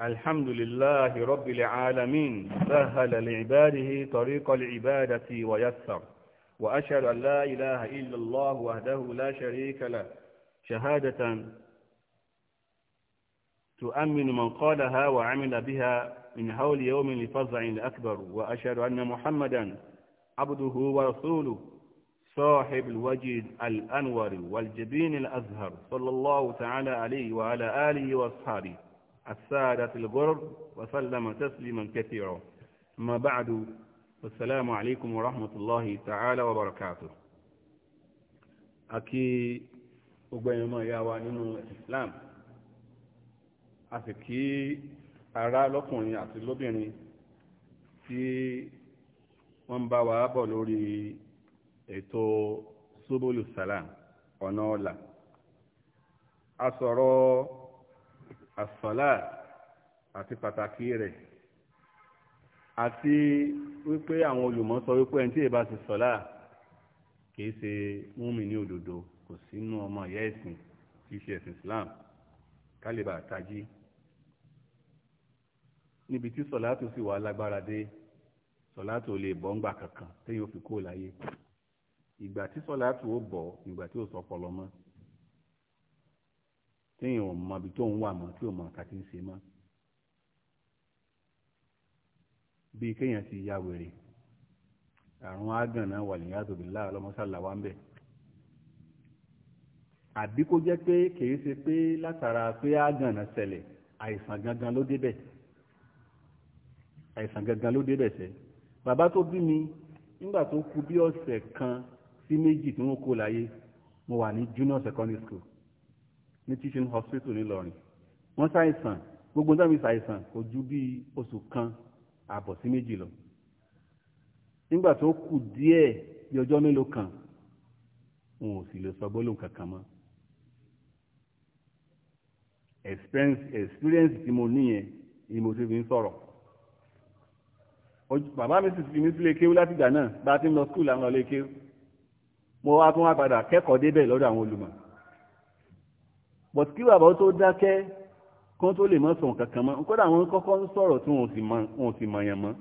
الحمد لله رب العالمين سهل لعباده طريق العبادة ويسر وأشهد أن لا إله إلا الله وحده لا شريك له شهادة تؤمن من قالها وعمل بها من هول يوم لفزع الأكبر وأشهد أن محمدا عبده ورسوله صاحب الوجه الأنور والجبين الأزهر صلى الله تعالى عليه وعلى آله وأصحابه السادة الغر وسلم تسليما كثيرا ما بعد والسلام عليكم ورحمة الله تعالى وبركاته أكي أبين ما يوا الإسلام أسكي أرى lọ́kùnrin àti lóbìnrin في wọ́n bá wa bọ̀ lórí ètò subulu salam ọ̀nà ọ̀la a sọ̀rọ̀ àsọ̀lá àti pàtàkì rẹ̀ àti wípé àwọn olùmọ̀ sọ wípé ẹni tí èèbá ti sọ̀lá kìí ṣe múmi ní òdodo kò sínú ọmọ ìyá ẹ̀sìn tí í ṣe ẹ̀sìn Islam kálíbà tají níbi tí sọ̀lá tó sì wà lágbára dé sọ̀lá tó lè bọ́ ńgbà kankan téèyàn fi kó láyé ìgbà tí sọ̀lá tó bọ̀ ìgbà tí ò sọ pọlọ mọ́ téèyàn ò mọ ibi tó ń wà mọ́ tí ò mọ àkàtì ń ṣe mọ́ bíi kéèyàn ti ya wèrè àrùn ágànnà wà ní yàtò bíi láàrín ọlọmọsálà wa ń bẹ àbí kó jẹ́ pé kìí ṣe pé látara pé ágànnà ṣẹlẹ̀ àìsàn gangan ló débẹ̀ àìsàn gangan ló débẹ̀ sẹ́ bàbá tó bí mi nígbà tó kù bí ọ̀sẹ̀ kan sí méjì tí wọ́n kó láyé mo wà ní junior secondary school ní teaching hospital nílọrin wọ́n ṣàìsàn gbogbo ní àmì ṣàìsàn kò ju bí oṣù kan àbọ̀ sí méjì lọ nígbà tó kù díẹ̀ bí ọjọ́ mélòó kan wọn ò sì lè sọ gbólóhùn kankan mọ́ experience experience tí mo níyẹn ni mo ti fi ń sọ̀rọ̀ bàbá mi sì fi mí sílé kéwú látìgbà náà bá a ti ń lọ skul àwọn ọlẹ́ kéwú mo wá tún wá padà kẹ́kọ̀ọ́ débẹ̀ lọ́dọ̀ àwọn olùmọ̀ but bàbá tó dákẹ́ kán tó lè mọ́ sọ̀rọ̀ kankan mọ́ kódà àwọn kọ́kọ́ ń sọ̀rọ̀ tí wọn ò sì mọ̀yàn mọ́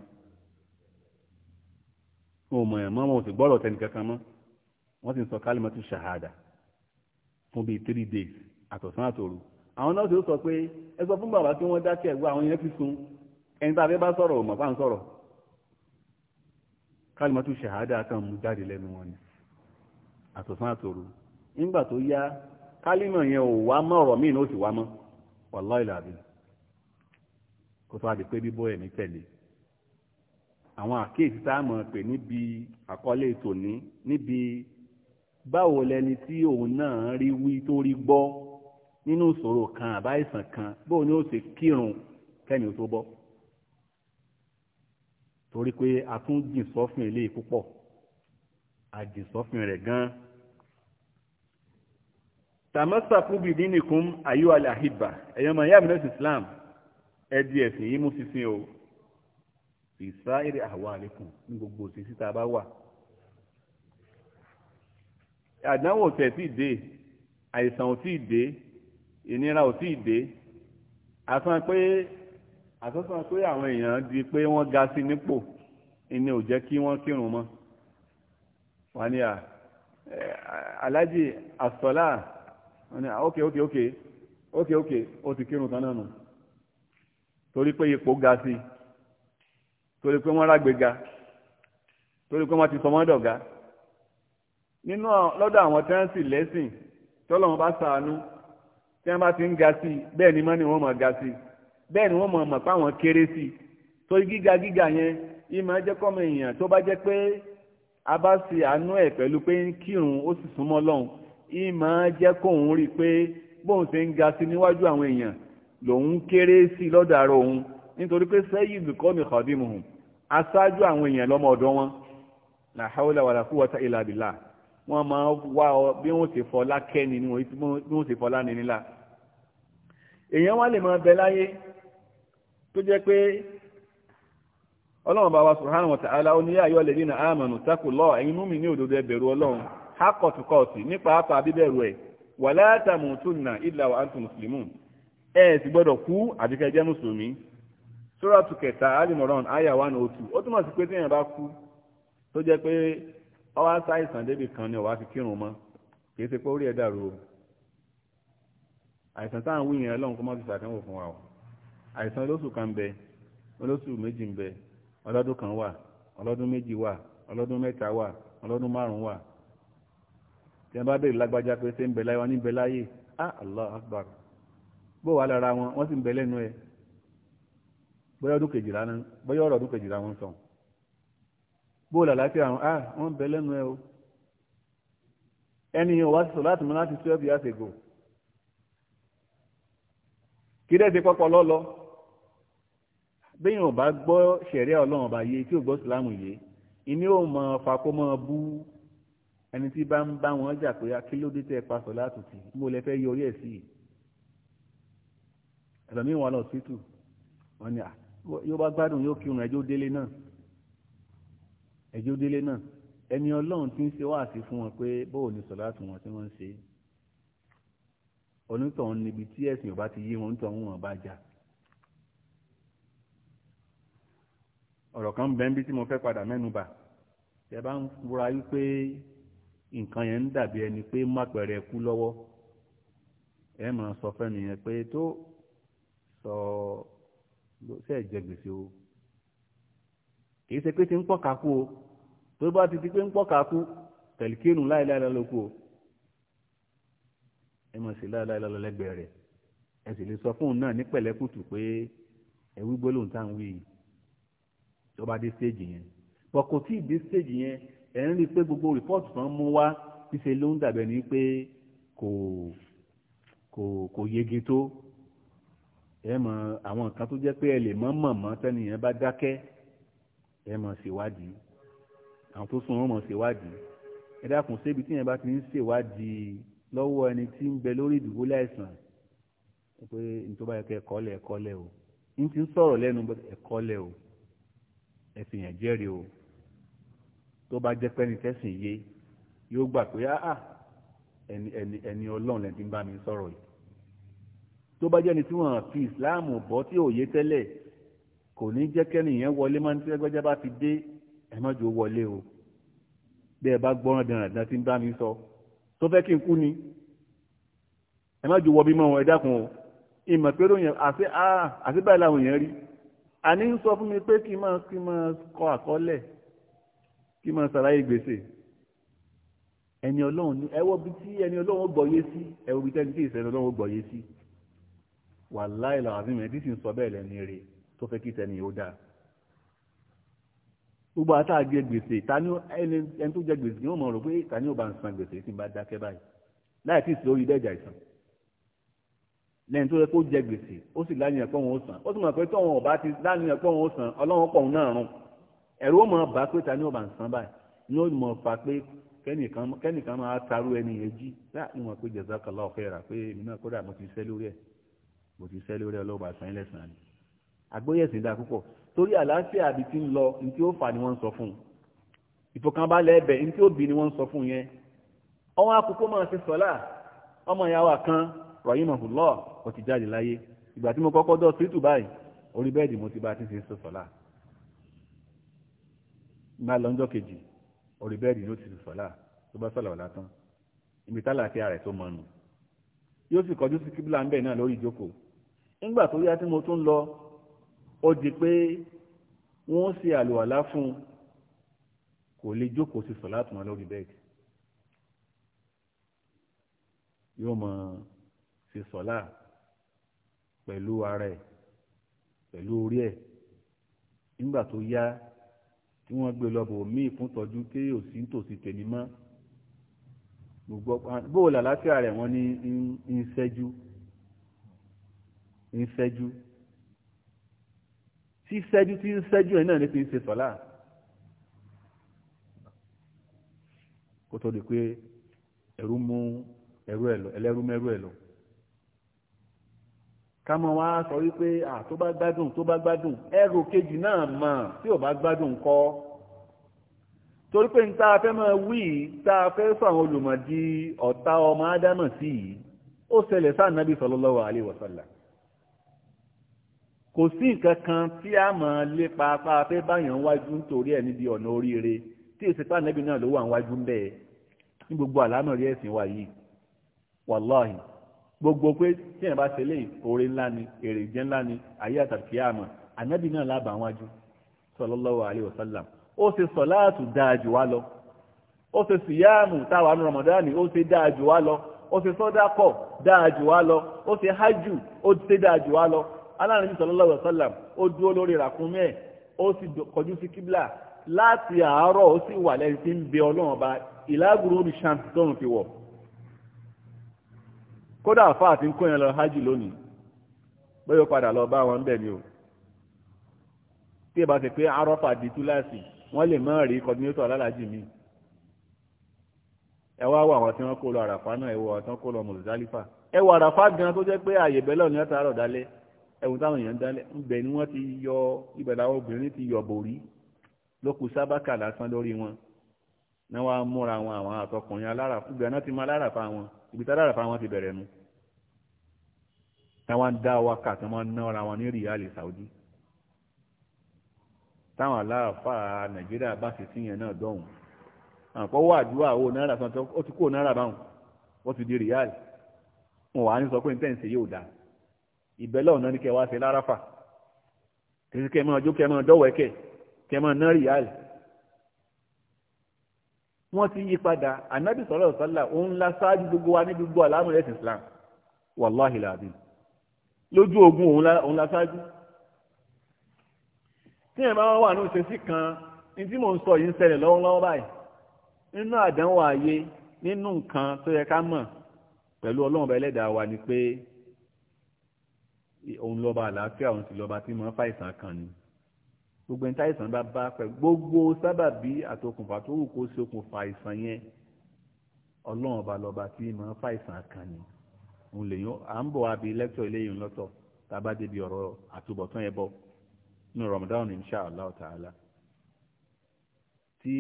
wọn ò mọ̀yàn mọ́ wọn sì gbọ́rọ̀ kankan mọ́ wọ́n sì ṣàhádà fún bíi three days àtọ̀sán àwọn náà sì sọ pé ẹ sọ fún bàbá tí wọ́n dákẹ́ ẹ̀gbọ́ àwọn yẹn ti sun ẹni tá a fẹ́ bá sọ̀rọ̀ mọ̀ ń sọ̀rọ̀ ṣàhádà kan mú jáde lẹ́nu wọn ni àtọ̀sán nígbà tó yá kálímọ̀ yẹn ò wá mọ́ ọ̀rọ̀ míì ní ó sì wá mọ́ wàláì làbí kó tó wá di pé bíbọ́ ẹ̀mí tẹ̀lé àwọn àkéèsí tá a mọ̀ pé níbi àkọlé tòní níbi báwo lẹni tí òun náà rí wí tó rí gbọ́ nínú ìṣòro kan àbáìsàn kan bóun ni ó ṣe kírun kẹ́ni ó tó bọ́ torí pé a tún jìn sọ́fìn eléyìí púpọ̀ àjìn sọ́fìn rẹ̀ gan-an tàmásàkú bìí dínìkún ayú aláhìbà ẹ̀yọ́mọ ìyá mi lẹ́sìn Islam ẹ̀dí ẹ̀sìn yìí mú sísìn o ìsáìrì àwọn àlékún ní gbogbo òsìn síta bá wà àdánwò tẹ̀ tí dé àìsàn ò tí dé ìnira ò tí dé àsán pé àsán pé àwọn èèyàn di pé wọ́n ga sí nípò ìní ò jẹ́ kí wọ́n kírun mọ́ wọ́n ní à alájì àsọlá ọ̀nà ókè ókè ókè ókè ókè ó ti tán náà torí pé ipò ga sí torí pé wọ́n rágbéga torí pé wọ́n ti sọmọ́dọ̀gá nínú lọ́dọ̀ àwọn tẹ́ǹsì lẹ́sìn tọ́lọ́wọ́n bá sàánú tí wọ́n bá ti ń ga sí bẹ́ẹ̀ ni wọn wọ́n mọ̀ ga sí bẹ́ẹ̀ ni wọ́n mọ̀ mọ̀ páwọn kéré sí torí gíga gíga yẹn ìmọ̀ jẹ́ kọ́mọ èèyàn tó bá jẹ́ pé a bá ìmọ̀ jẹ́ kóun rí i pé bóun ṣe ń ga sí níwájú àwọn èèyàn lòun kéré sí lọ́dọ̀ ara òun nítorí pé sayyidu qawmi khadimuhum aṣáájú àwọn èèyàn lọ́mọ ọ̀dọ́ wọn la hawla wala quwwata illa billah wọ́n máa wá ọ bí wọ́n ti fọlá kẹ́ni ni bí wọ́n ti fọlá ni nílà èèyàn wá lè máa bẹ láyé tó jẹ́ pé ọlọ́run bá wa subhanahu wa ta'ala ó ní yā ayyuhal ladhina āmanū ittaqullāha ẹ̀yin mú mi ní òdodo ẹ ọlọ́run hakọ̀tùkọ̀tì nípa apá bíbẹ̀rù ẹ̀ wà látàmù ìlà wà ántù mùsùlùmù ẹ̀ sì gbọ́dọ̀ kú àbíkẹ́ jẹ́ mùsùlùmí sóràtù kẹta alimoran aya one oh two ó túmọ̀ sí pé téèyàn bá kú tó jẹ́ pé ọwọ́ àìsàn débi kan ni ọ̀wá fi kírun mọ́ ṣe pé ó rí o àìsàn táà wí yẹn kó má fi fún o àìsàn olóṣù kan bẹ olóṣù méjì ń bẹ kan wà ọlọ́dún méjì wà ọlọ́dún mẹ́ta wà ọlọ́dún márùn-ún tí wọ́n bá bèèrè lágbájá pé ṣé ń bẹ wọn ní bẹ láyé ah allah akbar bó wà lára wọn wọ́n sì ń bẹ lẹ́nu ẹ̀ bóyá ọdún kejìlá náà bóyá ọdún kejìlá wọn sàn bó wà láláfíà wọn ah wọ́n ń bẹ lẹ́nu ẹ̀ o ẹni yẹn sọ láti mọ láti twelve years ago kí dẹ́ ti pọ́pọ́ lọ́lọ́ béèyàn ò bá gbọ́ ṣẹ̀ríà ọlọ́run ọba yé tí ò gbọ́ sùlámù yé ìní ò mọ fakó mọ́ bú ẹni tí bá ń bá wọn jà pé akílódé tẹ pa sọ láti tì mo lè fẹ́ yọ orí ẹ̀ sí i ẹlòmíín wà lọ síìtù wọn ni yóò bá gbádùn yóò kírun ẹjọ́ délé náà ẹjọ́ délé náà ẹni ọlọ́run ti ń ṣe wáàsí fún wọn pé bóò ní sọ láti wọn tí wọ́n ń ṣe onítọ̀hún níbi tí ẹ̀sìn ò bá ti yé wọn onítọ̀hún wọn bá jà ọ̀rọ̀ kan bẹ́ẹ̀ bí tí mo fẹ́ padà mẹ́nu bà tẹ bá ń wúra yí pé nǹkan yẹn ń dàbí ẹni pé má pẹ̀rẹ̀ kú lọ́wọ́ ẹ máa sọ fẹ́ni yẹn pé tó sọ ló ṣe jẹ gbèsè o kì í ṣe pé ti ń pọ̀ kákú o tó bá ti di pé ń pọ̀ kákú tẹ̀lìkéènù láìláìlá lóko o ẹ máa ṣe láìláìlá lọ lẹ́gbẹ̀ẹ́ rẹ̀ ẹ sì lè sọ fún un náà ní pẹ̀lẹ́kùtù pé ẹ wí gbólóhùn táwọn wí yìí tó bá dé stéèjì yẹn bọ̀ kò tí ì dé stéèjì yẹn ẹ̀ ń rí i pé gbogbo rìpọ́ọ̀tù kan mú wá ṣíṣe ló ń dàbẹ̀ ní pé kò kò kò yege tó ẹ mọ àwọn nǹkan tó jẹ́ pé ẹ lè mọ́ mọ̀ mọ́ tẹ́nìyàn bá dákẹ́ ẹ mọ̀ ṣèwádìí àwọn tó sún wọn mọ̀ ṣèwádìí ẹ dákun sébi tí yẹn bá ti ń ṣèwádìí lọ́wọ́ ẹni tí ń bẹ lórí ìdúgbò láìsàn pé nítorí báyìí kẹ́ ẹ̀kọ́ lẹ̀ ẹ̀kọ́ lẹ̀ o ń ti ń sọ̀rọ̀ lẹ́nu ẹ̀kọ́ lẹ̀ o ẹ̀sìn yẹn jẹ́rìí o tó bá jẹ́ pẹ́ni tẹ́sìn yé yóò gbà pé áà ah, ah, ẹni ẹni ẹni ọlọ́run lẹ́ni tí ń bá mi sọ̀rọ̀ yìí tó bá jẹ́ni tí wọ́n fi ìsìláàmù bọ́ tí òye tẹ́lẹ̀ kò ní jẹ́ kẹ́nìyàn wọlé máa ń tí ẹgbẹ́já bá ti dé ẹ má jò wọlé o bí ẹ bá gbọ́ràn dandan tí ń bá mi sọ tó fẹ́ kí n kú ni ẹ má jò wọ bí mọ́ wọn ẹ dákun o ìmọ̀ pé lóyún àti ah, àti báyìí làwọn èèyàn rí àní ń sọ fún mi pé kí n máa kọ àkọọ́lẹ̀ kí máa ṣàlàyé gbèsè ẹni ọlọ́run ẹ wò bí tí ẹni ọlọ́run gbọ́yé sí ẹ wò bí tẹ́ni tí ìṣẹ́ni ọlọ́run gbọ́yé sí wàláì làwọn àfihàn ẹni tí sì ń sọ bẹ́ẹ̀ lẹ́ni rè tó fẹ́ kí tẹ́ni ó dáa gbogbo àtàgé gbèsè tani ẹni tó jẹ gbèsè ni wọ́n mọ̀ rò pé tani ó bá ń san gbèsè tí ń bá dákẹ́ báyìí láì tí ì sí orí dẹ́jà ìsàn lẹ́yìn tó yẹ kó jẹ gbèsè ó sì láníyàn pé òun ó san ó sì mọ̀ pé tóun ọ̀bá ti láníyàn pé òun ó san ọlọ́run pọ̀ òun náà rún ẹ̀rù ó mọ̀ bá pé ta ni ó bá ń san báyìí ni ó mọ̀ fa pé kẹ́nìkan máa tarú ẹni yẹn jí láàrin wọn pé jazakallahu khaira pé èmi náà kódà mo ti sẹ́ lórí ẹ̀ mo ti sẹ́ lórí ẹ̀ lọ́wọ́ àṣà ilẹ̀ sàn ni. àgbóyẹ̀sìn dá púpọ̀ torí àlàáfíà àbí ti ń lọ ní tí ó fà ni wọ́n ń sọ fún un ìfọkànbalẹ̀ ẹbẹ̀ ní tí ó bì ni wọ́n ń sọ fún un yẹn. ọwọ́ akókó máa ṣe sọ́lá ọmọ ìyàwó kan rahimahullah ó ti jáde láyé ìgbà tí mo kọ́kọ́ dọ̀ sí tù báyìí orí bẹ́ẹ̀dì mo ti bá ti ṣe sọ́lá má lọ́njọ́ kejì orí bẹ́ẹ̀dì ló ti sọ̀lá tó bá sọ̀lá ọ̀la tán ibi tálàkẹ́ rẹ̀ tó mọ̀nù yóò sì kọjú sí kíbílà ń bẹ̀ náà lórí ìjókòó nígbà tó yá tí mo tún lọ ó di pé wọ́n ṣe àlùwàlá fún un kò lè jókòó sí sọ̀lá tó wọn lórí bẹ́ẹ̀dì yóò mọ̀ ṣe sọ̀lá pẹ̀lú ara ẹ̀ pẹ̀lú orí ẹ̀ nígbà tó yá tí wọ́n gbé lọ́bọ̀ míì fún tọ́jú tí ò sí nítòsí tèmi mọ́ gbogbo bóò làlàáfíà rẹ̀ wọ́n ní ń ṣẹ́jú ń ṣẹ́jú tí ṣẹ́jú tí ń ṣẹ́jú ẹ̀ náà ní fi ń ṣe sọ́lá kó tó di pé ẹ̀rú mú ẹ̀rú ẹ̀ lọ ẹlẹ́rú mẹ́rú ẹ̀ kámọ́ wá sọ wípé à tó bá gbádùn tó bá gbádùn ẹrù kejì náà mọ̀ tí ò bá gbádùn kọ́ torí pé níta fẹ́ máa wí tá a fẹ́ fún àwọn olùmọ̀dí ọ̀tá ọmọ ádámọ̀ sí yìí ó ṣẹlẹ̀ sáà nábì sallallahu alaihi wasallam kò sí nǹkan kan tí a máa lépa apá afẹ́ báyàn wájú nítorí ẹ̀ níbi ọ̀nà oríire tí ìsìnká nẹ́bí náà ló wà níwájú ń bẹ́ẹ̀ ní gbogbo àlámọ̀rí ẹ̀sìn wa yìí wàláhì gbogbo pé tí èèyàn bá ṣe léyìí oore ńlá ni èrè jẹ́ ńlá ni ayé àtàkì àmọ́ ànábì náà lábà wájú sallallahu alaihi wasallam ó ṣe sọ̀láàtù dáa jù wá lọ ó ṣe síyáàmù táwa ní ramadan ó ṣe dáa jù wá lọ ó ṣe sọ́dákọ̀ dáa jù wá lọ ó ṣe hajj ó ṣe dáa jù wá lọ aláàrin sallallahu alaihi wasallam ó dúró lórí ràkúnmí ẹ̀ ó sì kọjú sí kíbla láti àárọ̀ ó sì wà lẹ́yìn tí ń bẹ ọlọ́run ọba ìlágùrú ní ṣàǹtì tóun fi wọ̀ kódà àfáà àti ń kó yẹn lọ hajj lónìí bóyá ó padà lọ bá wọn bẹ̀ ni o tí ẹ bá ti pé arọ́fà di túláàsì wọ́n lè má rí kọ́dínétọ̀ alálàájì mi ẹ wá wọ àwọn tí wọ́n kó lọ àràfá náà ẹ wọ àwọn tí wọ́n kó lọ mùsùlùmí ẹ wọ àràfá gan tó jẹ́ pé àyè bẹ́lẹ̀ ní ọ̀tá àrọ̀ dálẹ́ ẹ̀wùn táwọn èèyàn dálẹ̀ ńbẹ̀ ni wọ́n ti yọ ibẹ̀ làwọn obìnrin ti yọ bòrí lókù sábàkà lásán lórí wọn náà wàá múra àwọn àwọn àtọkùnrin alára fúgbẹ́ náà ti mọ alára fa ibi tára àràfà wọn ti bẹ̀rẹ̀ nu táwọn dá wákà tí wọ́n ná ara wọn ní rìálì Saudi táwọn aláàfà Nàìjíríà bá sì sí yẹn náà dọ̀hùn àpọ̀ wà àdúrà owó náírà kan ó ti kó náírà báwọn ó ti di rìálì wọn wà ní sọ pé ntẹ́ǹsì yóò dáa ìbẹ́lẹ̀ ọ̀nà ni kẹ́ wá ṣe láráfà kẹ́sìkẹ́ mọ́ ọjọ́ kẹ́ mọ́ dọ́wọ́ ẹ̀kẹ́ kẹ́ mọ́ náírà rìálì wọ́n ti yí padà ànábì sọ̀rọ̀ sọ́là òun la ṣáájú gbogbo wa ní gbogbo àlámù rẹ̀ islam wàláhì làbí lójú ogun òun la ṣáájú. tí ẹ̀ máa wà ní òṣèṣì kan ní tí mò ń sọ yìí ń ṣẹlẹ̀ lọ́wọ́lọ́wọ́ báyìí nínú àdánwò ayé nínú nǹkan tó yẹ ká mọ̀ pẹ̀lú ọlọ́run bá ẹlẹ́dàá wa ni pé òun lọ́ba àlàáfíà òun sì lọ́ba tí mo ń fa ìsàn kan ni gbogbo ẹni tí àìsàn bá bá pẹ̀ gbogbo sábàbí àtokùnfà tó wù kó sí okùnfà àìsàn yẹn ọlọ́run ọba lọ́ba tí màá fa àìsàn kan ni òun lè yún à ń bọ̀ àbí lẹ́tọ̀ eléyìí lọ́tọ̀ tá a bá débi ọ̀rọ̀ àtúbọ̀tán yẹn bọ̀ nínú Ramadan insha Allah ta'ala tí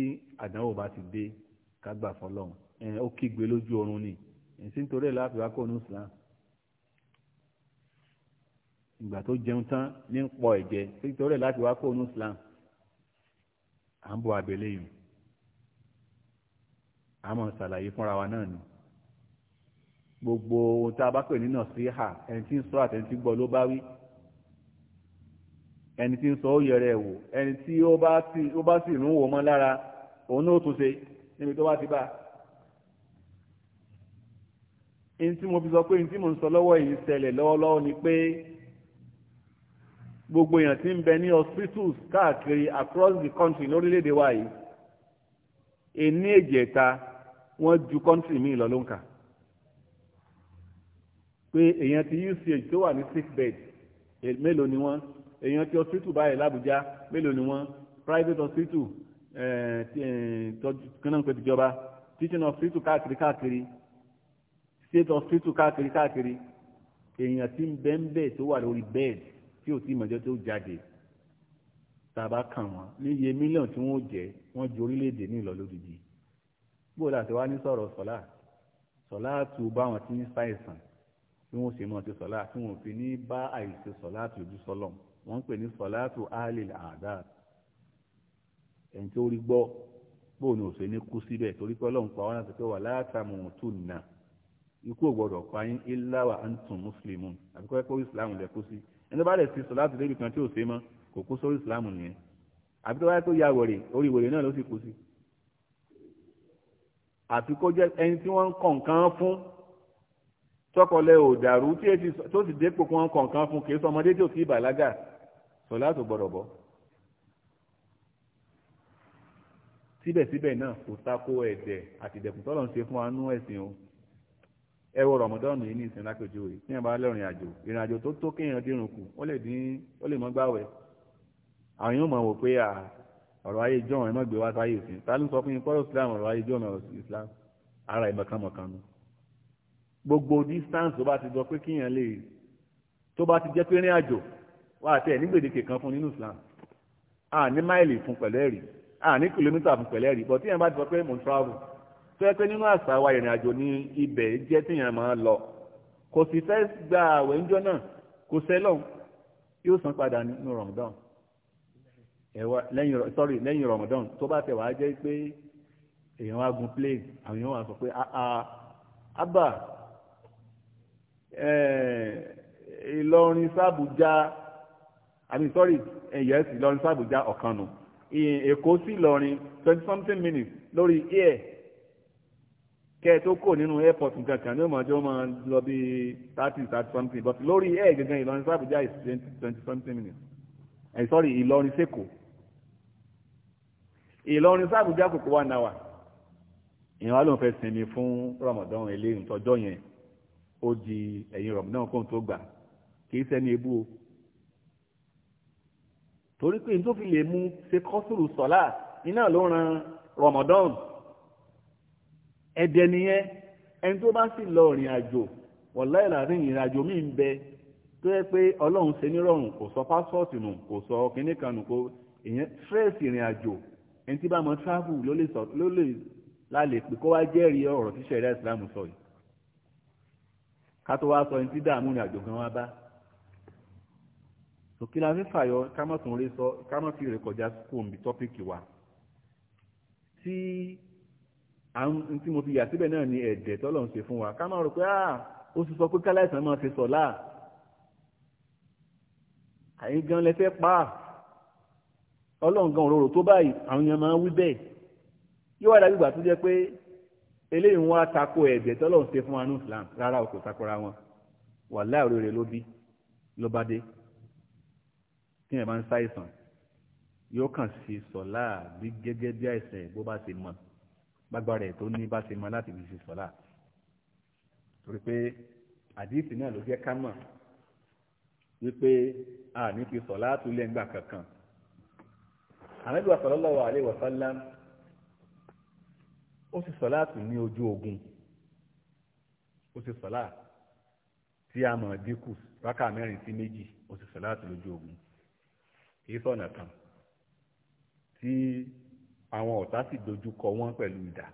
àdánwò bá ti dé ká gbà fọlọ́run ẹ̀ ó kígbe lójú oorun ni ẹ̀ sí nítorí ẹ̀ láàfin wákò ní Islam ìgbà tó jẹun tán ní ń pọ ẹ̀jẹ̀ nítorí ẹ̀ láti wá kó onú islam à ń bọ abẹ́lé yìí a máa ṣàlàyé fúnra wa náà ni gbogbo ohun tá a bá pè nínà sí ha ẹni tí ń sọ àti ẹni tí ń gbọ́ ló bá wí ẹni tí ń sọ ó yẹrẹ wò ẹni tí ó bá sì rún wò mọ́ lára òun náà tún ṣe níbi tó bá ti bá a tí mo fi sọ pé in tí mo ń sọ lọ́wọ́ yìí ṣẹlẹ̀ lọ́wọ́lọ́wọ́ ni pé gbogbo èèyàn tí ń bẹ ní hospitals káàkiri across the country lórílẹ̀‐èdè wa yìí ẹni èjèta wọ́n ju country míì lọ ló ń kà pé èèyàn ti UCH tó wà ní sick bed mélòó ni wọ́n èèyàn ti hospital báyìí l'Àbújá mélòó ni wọ́n private hospital kínáà ń pè tìjọba teaching hospital káàkiri káàkiri state hospital káàkiri káàkiri èèyàn tí ń bẹ tó wà lórí bed tí ò tí mọ̀jọ́ tó jáde tá a bá kàn wọ́n níye mílíọ̀nù tí wọ́n jẹ́ wọ́n ju orílẹ̀-èdè ní ìlọlódìdí bó láti wá ní sọ̀rọ̀ sọ̀lá sọ̀lá tu báwọn tí ń ṣàìsàn tí wọ́n sì mọ̀ ti sọ̀lá tí wọ́n fi ní bá àìsè sọ̀lá tu ojú sọ́lọ̀ wọ́n ń pè ní sọ̀lá tu alil àdá ẹni tó rí gbọ́ bó ni òṣèré ní kú síbẹ̀ torí pé ọlọ́run pa wọn láti pé wà látàmú tù nà ikú ò gbọdọ̀ pa yín ilá wa antum muslimun àbíkọ́ ẹ̀kọ́ islam lẹ kú sí ẹni bá lè fi sọ láti débi kan tí ò ṣe mọ́ kò kú sórí ìsìlámù nìyẹn àfi tó bá yẹ kó ya wèrè orí wèrè náà ló sì kú sí àfi kó jẹ ẹni tí wọ́n ń kọ̀ nǹkan fún tọkọlẹ ò dàrú tí èsì tó sì dépò kí wọ́n kọ̀ nǹkan fún kì í sọ ọmọdé tí ò sí ìbàlágà sọ láti gbọ́dọ̀ bọ́. síbẹ̀síbẹ̀ náà kò tako ẹ̀dẹ̀ àtìdẹ̀kùn tọ́lọ̀ ń ṣe fún wa nú o ẹ wo rọmọdọ́nù yìí ní ìsìn lápèjúwe tí yẹn bá lọ́rìn àjò ìrìn àjò tó tó kéèyàn dírun kù ó lè dín ó lè mọ́ gbáwẹ̀ àwọn yóò mọ̀ wò pé à ọ̀rọ̀ ayé john ẹ má gbé wá sáyé sí ta ló sọ fún yín pọ́rọ̀ islam ọ̀rọ̀ ayé john ọ̀rọ̀ islam ara ìmọ̀kànmọ̀kan nu gbogbo distance tó bá ti jọ pé kíyàn lè tó bá ti jẹ́ pé rìn àjò wà á tẹ̀ ní gbèdéke kan fún nínú islam à ní máìlì fún pẹ̀lẹ́rì à ní kìlómítà fún pẹ̀lẹ́rì but tí yẹn bá ti sọ pé mo travel tó yẹ pé nínú àṣà wa ìrìn àjò ní ibẹ̀ jẹ́ tíyàn máa lọ kò sì fẹ́ gba àwẹ̀ ńjọ́ náà kò sẹ́lọ̀n yóò san padà nínú Ramadan ẹ̀wà lẹ́yìn sorry lẹ́yìn Ramadan tó bá tẹ̀ wá jẹ́ pé èèyàn wá gun plane àwọn èèyàn wá sọ pé abba Ìlọrin sábùjá àmì sorry yes Ìlọrin sábùjá ọ̀kan nù Èkó sí Ìlọrin twenty something minutes lórí air kẹ́ ẹ tó kò nínú airport nǹkan kan ní ọmọ ọjọ́ lọ bí thirty thirty something but lórí air gangan Ìlọrin sí is twenty twenty something minutes eh, sorry Ìlọrin seko Ìlọrin sí Àbújá kò kó one hour ìyẹn wá ló ń fẹ́ sinmi fún Ramadan eléyìí tọjọ́ yẹn ó di ẹ̀yìn Ramadan kó tó gbà kì í sẹ́ni ebú o torí pé n tó fi lè mú ṣe kọ́sùrù sọ́lá iná ló ran Ramadan ẹ̀dẹ̀ nìyẹn ẹni tó bá sì lọ ìrìn àjò wọ̀lá ìlàrin ìrìn àjò míì ń bẹ tó yẹ pé ọlọ́run ṣe nírọ̀rùn kò sọ pásọ̀tì nù kò sọ kínní kan nù kó ìyẹn fẹ́ẹ̀sì ìrìn àjò ẹni tí bá mọ tíráfù ló lè lálẹ́ pé kó wá jẹ́rìí ọ̀rọ̀ tí sẹ̀rí ìsìlámù sọ yìí ká tó wá sọ ẹni tí dààmú ìrìn àjò gan wá bá òkè la fi fàyọ kámọ́tún rí sọ kámọ́tì rẹ̀ kọjá kó omi tọ́pìkì Si, àwọn tí mo fi yà síbẹ̀ náà ni ẹ̀dẹ̀ tọ́lọ̀ ń ṣe fún wa ká máa rò pé ah ó sì sọ pé káláìsàn máa ṣe sọ̀lá àyín gan lẹ fẹ́ pa ọlọ́run gan òróró tó báyìí àwọn èèyàn máa ń wí bẹ́ẹ̀ yóò wá dàbí ìgbà tó jẹ́ pé eléyìí ń wá tako ẹ̀dẹ̀ tọ́lọ̀ ń ṣe fún wa ní Islam rárá o kò takora wọn wàhálà òrèrè ló bí ló bá dé kí ẹ̀ máa ń ṣàìsàn yóò kàn sí sọ̀lá bí gẹ́gẹ́ bí àìsàn bó bá ti mọ̀ gbágbára ẹ̀ tó ní bá ṣe mọ láti fi ṣe sọ́lá torí pé àdìsí náà ló jẹ́ ká mọ̀ wípé a ní fi sọ́lá tó lẹ́ngbà kankan àmẹ́bí wa sallallahu alaihi wa sallam ó sì sọ́lá tó ní ojú ogun ó sì sọ́lá tí a mọ̀ dínkù rákà mẹ́rin sí méjì ó sì sọ́lá tó lójú ogun kì í sọ̀nà kan tí. Si àwọn ọ̀tá sì dojú kọ wọ́n pẹ̀lú idà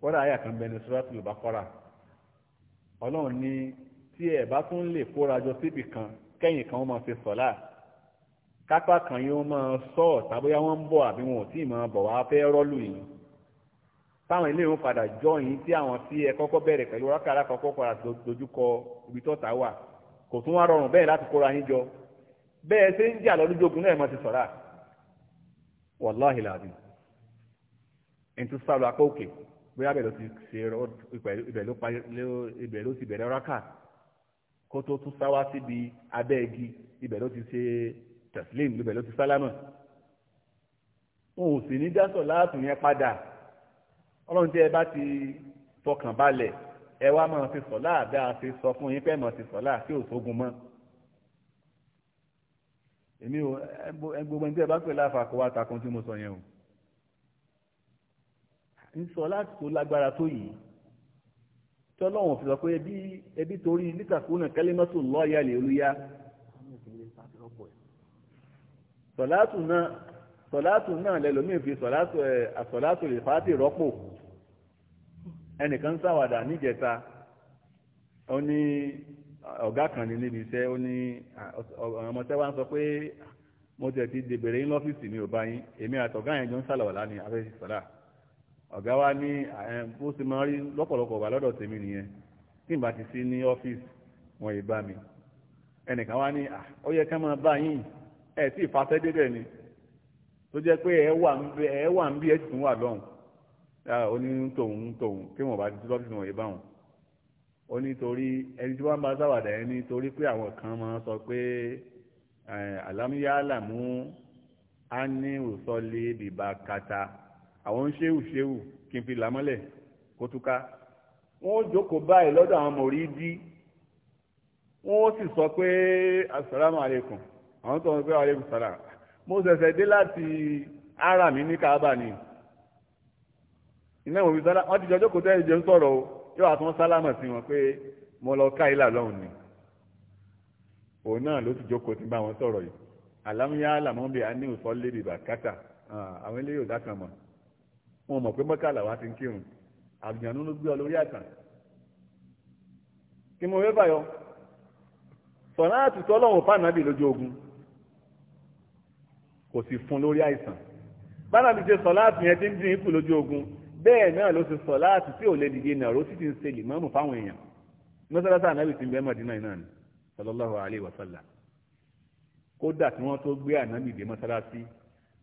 kódà àyà kan bẹnu suratul Baqara ọlọ́run ní tí ẹ̀ bá tún lè kóra jọ síbì kan kẹ́yìn kan wọ́n máa ṣe sọ̀lá kápá kan yóò máa sọ ọ̀tá bóyá wọ́n ń bọ̀ àbí wọn ò tí ì máa bọ̀ wá fẹ́ rọ́lù yìí táwọn ilé ìwọ̀n padà jọ yìí tí àwọn tí ẹ kọ́kọ́ bẹ̀rẹ̀ pẹ̀lú rákàrà kọ́kọ́ padà dojúkọ ibi tọ́ta wà kò tún wá rọrùn bẹ́ẹ̀ láti kóra yín jọ bẹ́ẹ̀ ṣe ń jà lọ́dún jogun náà ẹ̀ máa ti sọ̀rọ̀ wàláhì làbí ẹni tó sálọ apá òkè bóyá ibẹ̀ ló ti ṣe ibẹ̀ ló parí ibẹ̀ ló ti bẹ̀rẹ̀ rákà kó tó tún sáwá síbi abẹ́ igi ibẹ̀ ló ti ṣe tẹ̀sílẹ̀mù ibẹ̀ ló ti sálámà wọn sì ní dásọ̀ láàtù yẹn padà ọlọ́run tí ẹ bá ti fọkàn balẹ̀ ẹ wá máa fi sọ̀lá àbẹ́ àfi sọ fún yín pẹ́ ti sọ̀lá tí ò mọ́ èmi ò gbogbo ẹni tí ẹ bá pè láàfà kó wá takun tí mo sọ yẹn o ń sọ láti tó lágbára tó yìí tí ọlọ́run fi sọ pé ẹbí ẹbí torí lítàkùnà kẹlẹ́mọ́tò lọ́ọ̀yà lè olúyá sọ̀látù náà sọ̀látù náà lẹ́lòmíì fi sọ̀látù ẹ̀ àsọ̀látù lè fàátì rọ́pò ẹnìkan sáwàdà níjẹta ó ní ọ̀gá kan ní níbi iṣẹ́ ó ní ọmọọṣẹ́ wa ń sọ pé mo tẹ̀ ti dèbèrè yín lọ́fíìsì mi ò bá yín èmi àtọ̀gá yẹn jọ ń sàlọ̀wàlá ní afẹ́sí sọ́lá ọ̀gá wa ní bó ṣe máa rí lọ́pọ̀lọpọ̀ wà lọ́dọ̀ tèmi nìyẹn tí n bá ti sí ní ọ́fíìsì wọn ì bá mi ẹnìkan wá ní ó yẹ ká máa bá yín ẹ̀ tí ìfàṣẹ́ débẹ̀ ni tó jẹ́ pé ẹ wà ń bí ẹ tún wà lọ́hùn ó ní tòun tòun kí wọ́n bá ti sí lọ́fíìsì wọn ì bá wọn ó nítorí ẹni tí wọ́n bá sáwàdà yẹn nítorí pé àwọn kan máa sọ pé àlámúyálà mú á ní òsọlé kata àwọn ṣéwù ṣéwù kí n fi làmọ́lẹ̀ kó túká wọ́n jókòó báyìí lọ́dọ̀ àwọn mọ̀rídì wọ́n sì sọ pé asalaamu aleykum àwọn tó ń pẹ́ aleykum salaam mo ṣẹ̀ṣẹ̀ dé láti ara mi ní kaaba ni iná ìwòsàn wọ́n ti jọ jókòó tẹ́ ìjẹun sọ̀rọ̀ o yóò wá tún sálámà sí wọn pé mo lọ ká ilà lọ́hùn ni òun náà ló ti jókòó tí bá wọn sọ̀rọ̀ yìí àlámúyá làmọ́bí aníhùn sọ lédè bàkátà àwọn eléyìí ò dákan mọ̀ wọn mọ̀ pé mọ́kàlá wa ti ń kírun àbùjànú ló gbé ọ lórí àtàn kí mo wé báyọ sọ̀rọ̀ àtútọ́ lọ́wọ́ fànàbì lójú ogun kò sì fún lórí àìsàn bánàbì ṣe sọ̀rọ̀ àtúnyẹ tí ń dín kù lójú ogun bẹ́ẹ̀ náà ló ti sọ láti tí ò lè dìde nàró títí ń ṣe lìmọ́mù fáwọn èèyàn mọ́sálásá ànábì ti ń bẹ́ mọ̀dínà náà ni sallallahu alayhi wa sallam kódà tí wọ́n tó gbé ànábì dé mọ́sálásí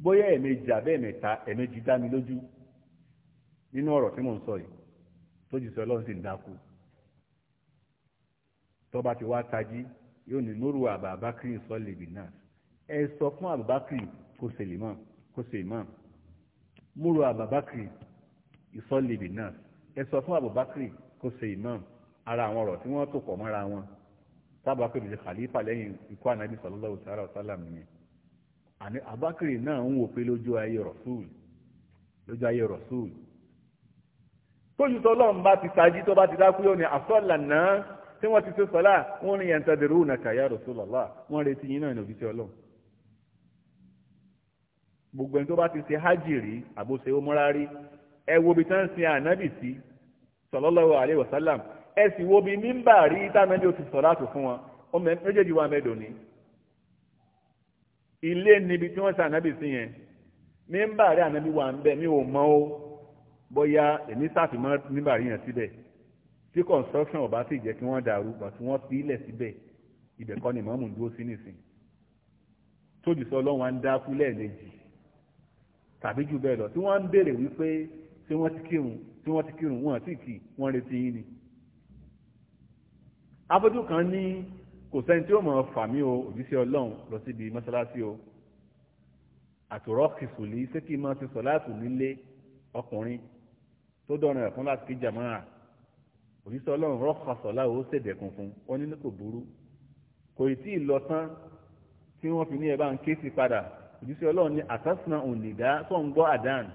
bóyá ẹ̀mejì àbẹ́ẹ̀mẹ́ta ẹ̀mejì dá mi lójú nínú ọ̀rọ̀ tí mò ń sọ yìí tó jù sọ ọlọ́run ń dákú tọ́ba ti wá tají yóò ní nóru àbàbákiri sọ lèbi náà ẹ sọ fún àbàbákiri kó ṣe lè mọ̀ kó ṣe mọ̀ múru àbàbákiri ìsọ́lẹ̀bì náà ẹ sọ fún Abubakar kó ṣe imam ara àwọn ọ̀rọ̀ tí wọ́n tó pọ̀ mọ́ra wọn sábà pé bìí khalifa lẹ́yìn ikú anabi sallallahu ta'ala wa sallam ni Abubakar náà ń wò pé lójú ayé rasul lójú ayé rasul tójú tó lọ́n bá ti tají tó bá ti dákú yóò ní àsọ́là náà tí wọ́n ti ṣe sọ́lá wọ́n ní yantadirunaka ya Rasulullah wọ́n retí yín náà ní òbí tí ọlọ́run gbogbo ẹni tó bá ti ṣe hajj rí àbóṣe ó múra rí ẹ wo ibi tí sin ànábì sí sallallahu alaihi wasallam ẹ sì wo ibi mímbà rí tánàbí ó ti sọ̀láàtù fún wọn ọmọ méjèèjì wa mẹ́dọ̀ ni ilé níbi tí wọ́n sin ànábì sí yẹn mímbà rí ànábì wà ń bẹ mi ò mọ̀ o bóyá èmi sàfimọ́ mímbà rí yẹn síbẹ̀ tí construction ọba sì jẹ́ kí wọ́n dàrú bàtí wọ́n fi ilẹ̀ síbẹ̀ ibẹ̀ kọ́ ni mọ́mù dúró sí nìsín tójúsọ ọlọ́run á ń dákú lẹ́ẹ̀mejì tàbí jù bẹ́ẹ̀ lọ tí wọ́n ń béèrè wípé tí wọ́n ti kírun tí wọ́n ti kírun wọ́n sì kì wọ́n retí yín ni. abọ́jú kan ní kò sẹ́ni tí ó mọ̀ fà mí o òjíṣẹ́ ọlọ́run lọ síbi mọ́ṣáláṣí o àtòrọ́ kìsùlì ṣé kí n máa ti sọ láàtò nílé ọkùnrin tó dọ̀rọ̀ ẹ̀fún láti kí jàmáà òjíṣẹ́ ọlọ́run rọ́kọ̀sọ̀ láwo ó ṣèdẹ̀kùn fún ó ní kò burú kò ì tí ì lọ tán tí wọ́n fi ní ẹ bá ń ké sí padà òjíṣẹ́ ọlọ́run ní àtàsùnà òǹdìdá tó ń gbọ́ àdáàni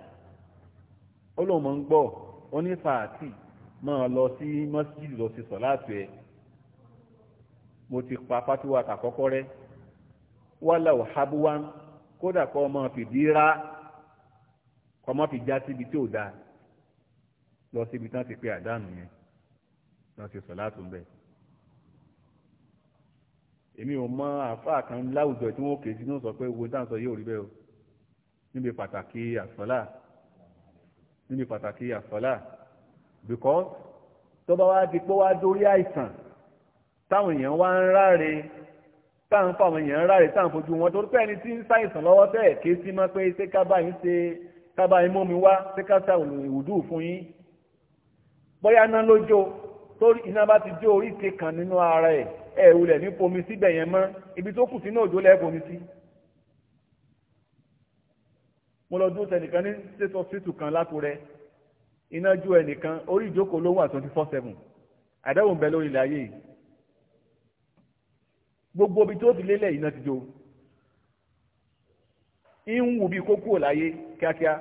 ó lóun mọ̀ ń gbọ́ ó ní fàátì máa lọ sí mọ́síjì lọ sí sọ láti ẹ̀ mo ti pa fatiwa tàkọ́kọ́ rẹ́ wàhálà òhábúwá kódà kọ́ ọmọ fìdí rá kọ́ ọmọ fi já síbi tí ò dáa lọ síbi tí wọ́n ti pe àdánù yẹn lọ sí sọ láti ń bẹ̀ èmi ò mọ àáfàá kan láwùjọ tí wọn ò kéjì náà sọ pé wo dáhùn sọ yóò rí bẹ́ẹ̀ o níbi pàtàkì àsọlá níbi pàtàkì àsọ́là because tó bá wá di pé wá dórí àìsàn táwọn èèyàn wá ń ráre táwọn fáwọn èèyàn ń ráre táwọn fojú wọn torí pé ẹni tí ń ṣàìsàn lọ́wọ́ tẹ̀ ké sí mọ́ pé ṣé ká bá yín ṣe ká bá yín mú mi wá ṣé ká ṣe ìwùdú fún yín bóyá iná ló jó torí iná bá ti jó oríkèé kan nínú ara ẹ̀ ẹ̀ wulẹ̀ ní pomi síbẹ̀ yẹn mọ́ ibi tó kù sínú òjò lẹ́ẹ̀ pomi sí mo lọ dún tẹnìkan ní state hospital kan lákùrẹ́ iná ju ẹnìkan orí ìjókòó ló wà twenty four seven àdáwò ń bẹ lórí ilẹ̀ ayé yìí gbogbo ibi tó ti lélẹ̀ iná ti jó ń wù bí kó kúrò láyé kíákíá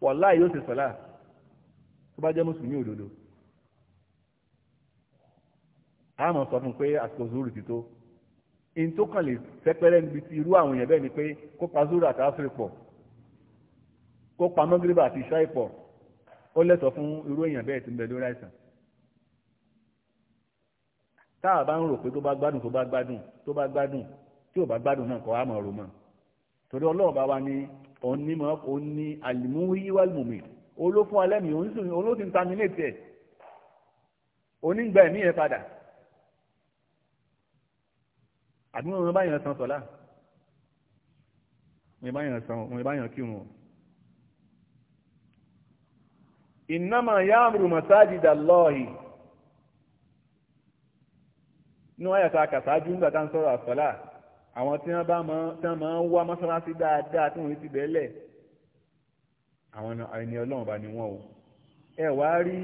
wàláì yóò ṣe sọ́lá tó bá jẹ́ mùsùlùmí òdodo a máa sọ fún pé àsìkò zuru ti tó in tó kàn lè fẹ́pẹ́rẹ́ níbi ti irú àwọn èèyàn bẹ́ẹ̀ ni pé kó pa zúrà àti áfírí pọ̀ kó pa mọ́gíríbà àti ìṣá ìpọ̀ ó lẹ́tọ̀ fún irú èèyàn bẹ́ẹ̀ tí ń bẹ lórí àìsàn tá a bá ń rò pé tó bá gbádùn tó bá gbádùn tó bá gbádùn tí ò bá gbádùn náà kọ́ á mọ̀ ọ̀rọ̀ mọ̀ torí ọlọ́run bá wa ní onímọ̀ oní àlìmúwí wàlùmùmí olófún alẹ́mì oníṣòwò olóṣìntàmínétì ẹ̀ onígbà ẹ̀mí ẹ̀ padà àbí wọn bá yàn san sọ̀lá wọn bá yàn san wọn bá yàn kírun o ìnáma ya'muru masajida Allahi ní wọ́n yàtọ̀ àkàtàjú nígbà tá ń sọ̀rọ̀ àsọ̀lá àwọn tí wọ́n bá máa ń wá mọ́sálásí dáadáa tí wọ́n ti bẹ́ẹ̀lẹ̀ àwọn ẹni ọlọ́run bá ní wọ́n o ẹ wá rí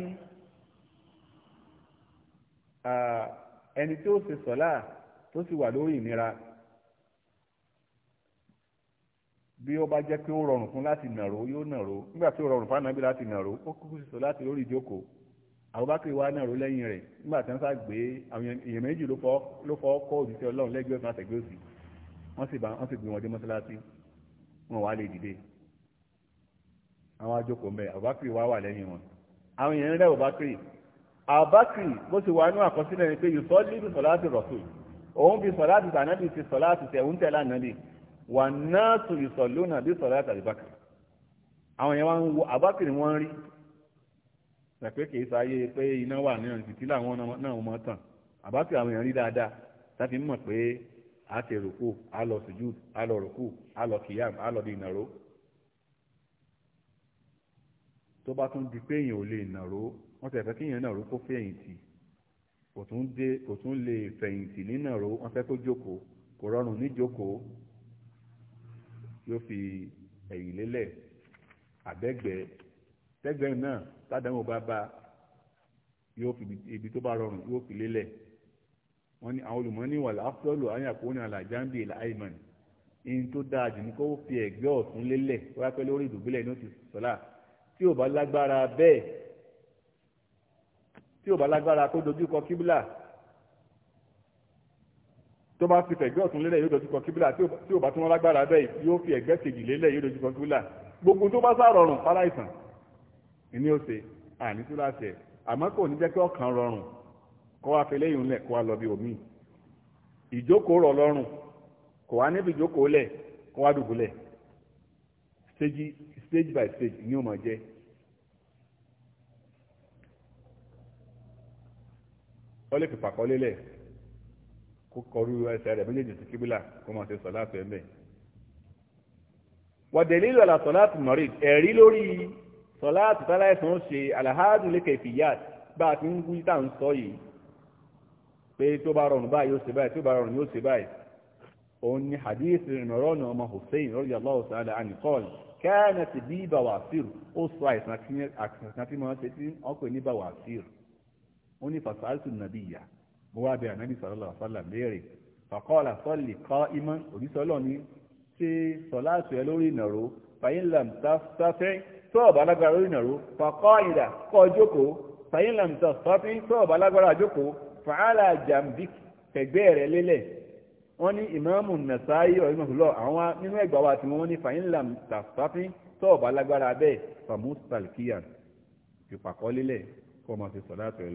ẹni tí ó ṣe sọ̀lá tó sì wà lórí ìnira bí ó bá jẹ́ pé ó rọrùn fún láti nàró yóò nàró nígbà tí ó rọrùn fún anábì láti nàró ó kúkú sì sọ láti lórí ìjókòó àbúbákẹ́ wa nàró lẹ́yìn rẹ̀ nígbà tí wọ́n sá gbé àwọn èèyàn méjì ló fọ́ kọ́ òjíṣẹ́ ọlọ́run lẹ́gbẹ̀ẹ́ ọ̀sán àtẹ̀gbẹ́ òsì wọ́n sì bá wọ́n sì gbé wọn dé mọ́sálásí wọn wá lè dìde àwọn ajókòó mbẹ àbúbákẹ́ wa wà lẹ́yìn wọn àwọn èèyàn rẹ̀ àbúbákẹ́ àbúbákẹ́ bó ti wà nínú àkọsílẹ̀ ni pé yòtọ́ lídùn òun fi sọ̀lá àti tànàbì fi sọ̀lá àti tẹ̀hún tẹ̀lá nàbì wà náà tó ìsọ̀lú náà bí sọ̀lá àti àbíbákà àwọn yẹn wọn ń wo àbákìrì wọn rí pẹ̀pẹ́ kìí sáyé pé iná wà náà títí làwọn náà mọ̀ tàn àbákìrì àwọn yẹn rí dáadáa láti mọ̀ pé a ti rùkú a lọ sùjú a lọ rùkú a lọ kìyàm a lọ di ìnàró tó bá tún di pé èèyàn ò lè ìnàró wọ́n ti ẹ̀fẹ́ kí èèyàn náà rú kó fẹ́yìntì kò tún dé kò tún lè fẹ̀yìntì nínà ro wọ́n fẹ́ kó jókòó kò rọrùn níjókòó yóò fi ẹ̀yìn lélẹ̀ àbẹ́gbẹ́ tẹ́gbẹ́ náà tádàmú bá bá yóò fi ibi tó bá rọrùn yóò fi lélẹ̀ wọ́n ní àwọn olùmọ́ni wà láfọ́lù àyàkó ní alàjáǹdì láìmọ̀n in tó dáa jù ní kó fi ẹ̀gbẹ́ ọ̀tún lélẹ̀ wáyà pẹ́ lórí ìdùbúlẹ̀ ní ó ti sọ́lá tí ò bá lágbára bẹ́ẹ̀ tí ò bá lágbára kó dojú kọ kíbílà tó bá ti fẹ̀gbẹ́ ọ̀tún lélẹ̀ yóò dojú kọ kíbílà tí ò bá tún lágbára bẹ́ẹ̀ yóò fi ẹ̀gbẹ́ kejì lélẹ̀ yóò dojú kọ kíbílà gbogbo tó bá sá rọrùn fáláìsàn ìní òsè àní tó láti ẹ̀ àmọ́ kò ní jẹ́ kí ọkàn rọrùn kó wá fẹlẹ́ yìí ńlẹ̀ kó wá lọ bí omi ìjókòó rọ̀ lọ́rùn kò wá níbi ìjókòó lẹ̀ kó wá dùbúlẹ̀ stage by stage ni ó mọ̀ jẹ́ wọ́n lè pèpà kọ́ lélẹ̀ kó kọrú ẹsẹ̀ rẹ̀ méjèèjì sí kíbílà kó máa ṣe sọ láti ẹ̀mẹ́ wọ̀dẹ̀lẹ́ ìlú àlàsọ̀ láti mọ̀rí ẹ̀rí lórí sọ láti tálá ẹ̀sán ṣe àlàhádùn lékè fìyà bá a ti ń wí tá ń sọ yìí pé tó bá rọrùn báyìí yóò ṣe báyìí tó bá rọrùn yóò ṣe báyìí òun ni hadith ìrìnàrọ́nà ọmọ hussein lórí aláwọ̀ sáadà àníkọ́ọ̀lù kẹ́ẹ̀nà ti bí bàwàfíìr ó sọ àìsàn tí wọ́n ṣe tí wọ́n pè ní bàwàfíìr ó ní fàṣàlùsù nàbí ìyá mo wá bẹ ànábì sọ̀rọ̀lọ̀ àfàlà léèrè fàkọ́ọ̀là sọ́ọ̀lì kọ́ imọ́ òdìsọ́lọ̀ ni ṣé sọ̀láàtù ẹ lórí ìnàró fàyínlàm sáfẹ́ tọ́ọ̀bà alágbára lórí ìnàró fàkọ́ ìdà kọ́ jókòó fàyínlàm sáfẹ́ tọ́ọ̀bà alágbára jókòó fàálà jàmbik tẹ̀gbẹ́ rẹ̀ lélẹ̀ wọ́n ní ìmáàmù nàṣáyé ọ̀rẹ́mọ̀tòlọ́ àwọn nínú ẹgbàá wa tí wọ́n ní fàyínlàm sáfẹ́ tọ́ọ̀bà alágbára bẹ́ẹ̀ fàmúsàlkíyàn ìpàkọ́ lélẹ̀ kọ́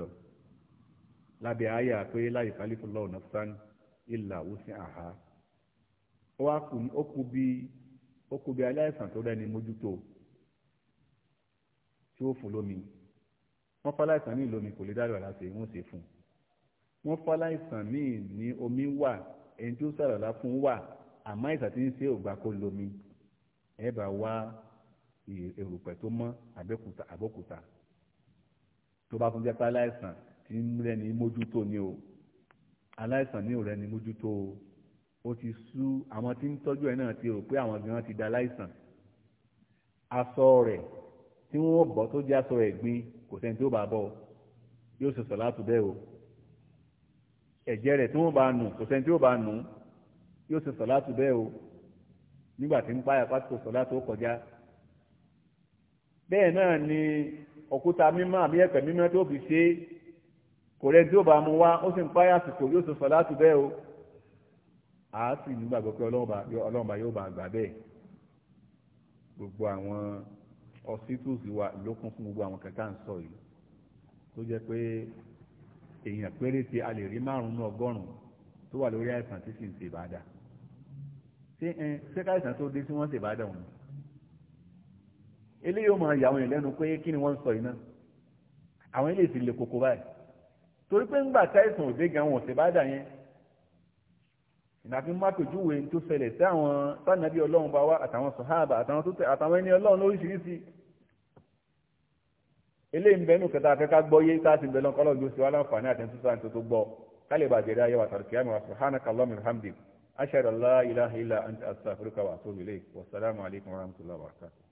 ọ lábẹ́ àyà pé láyé kálífù lọ́wọ́ nafsan ìlà òsì àhá ó kú bí ó kú bí aláìsàn tó rẹ́ni mójútó tí ó fún lómi wọ́n fáláìsàn míì lómi kò lè dá àlùwàlá ṣe wọ́n ṣe fún wọ́n fáláìsàn míì ní omi wà ẹni tó sàlọ̀lá fún wà àmọ́ àìsàn tí ń ṣe ògbà kó lómi ẹ bá wá èrùpẹ̀ tó mọ́ àbẹ́kúta àbọ́kúta tó bá tún jẹ́ fáláìsàn tí ń rẹni mójútó ni o aláìsàn ní òrẹ́ ni mójútó o ó ti sú àwọn tí ń tọ́jú ẹ̀ náà ti rò pé àwọn gan ti da aláìsàn aṣọ rẹ̀ tí wọ́n bọ́ tó jẹ́ aṣọ rẹ̀ gbin kò sẹ́ni tó bá bọ́ yóò sọ̀sọ̀ láti bẹ́ẹ̀ o ẹ̀jẹ̀ rẹ̀ tí wọ́n bá nù kò sẹ́ni tí bá nù yóò sọ̀sọ̀ láti bẹ́ẹ̀ o nígbà tí ń páyà pásítọ̀ sọ̀lá tó kọjá bẹ́ẹ̀ náà ni òkúta mímọ́ àbí ẹ̀pẹ̀ mímọ́ tó fi ṣe é kò rẹ tí ó bá mú wá ó sì ń páyà àsìkò yóò sọ sọláàtù bẹ́ẹ̀ o a sì nígbàgbọ́ pé ọlọ́run bá yóò bá gbà bẹ́ẹ̀ gbogbo àwọn hospitals wa ló kún fún gbogbo àwọn kẹta ń sọ yìí tó jẹ́ pé èèyàn péréte a lè rí márùn-ún ọgọ́rùn-ún tó wà lórí àìsàn tí sì ń ṣe ìbàdà ṣé ẹ ṣé káìsàn tó dé tí wọ́n ṣe ìbàdà wọn eléyìí ó máa yà àwọn èèyàn lẹ́nu pé kí ni wọ́n ń sọ yìí náà àwọn eléyìí ti le koko báyìí torí pé ńgbà táìsàn òde gan wọn ọ̀sẹ̀ bá dà yẹn ìnàfi mákòjúwe tó ṣẹlẹ̀ sí àwọn sànàbí ọlọ́run bá wá àtàwọn sọ̀háàbà àtàwọn tó tẹ̀ àtàwọn ẹni ọlọ́run lóríṣiríṣi eléyìí ń bẹ nù kẹta afẹ́ ká gbọ́ yé tá a ti ń bẹ lọ́n kọ́lọ́ gbèsè wa láǹfààní àti ẹ̀ńtútù àti tó gbọ́ kálí ìbàjẹ́ ayé wa tàbí àmì wa subhanaka allahumma wa bihamdik ashhadu an la ilaha illa anta astaghfiruka wa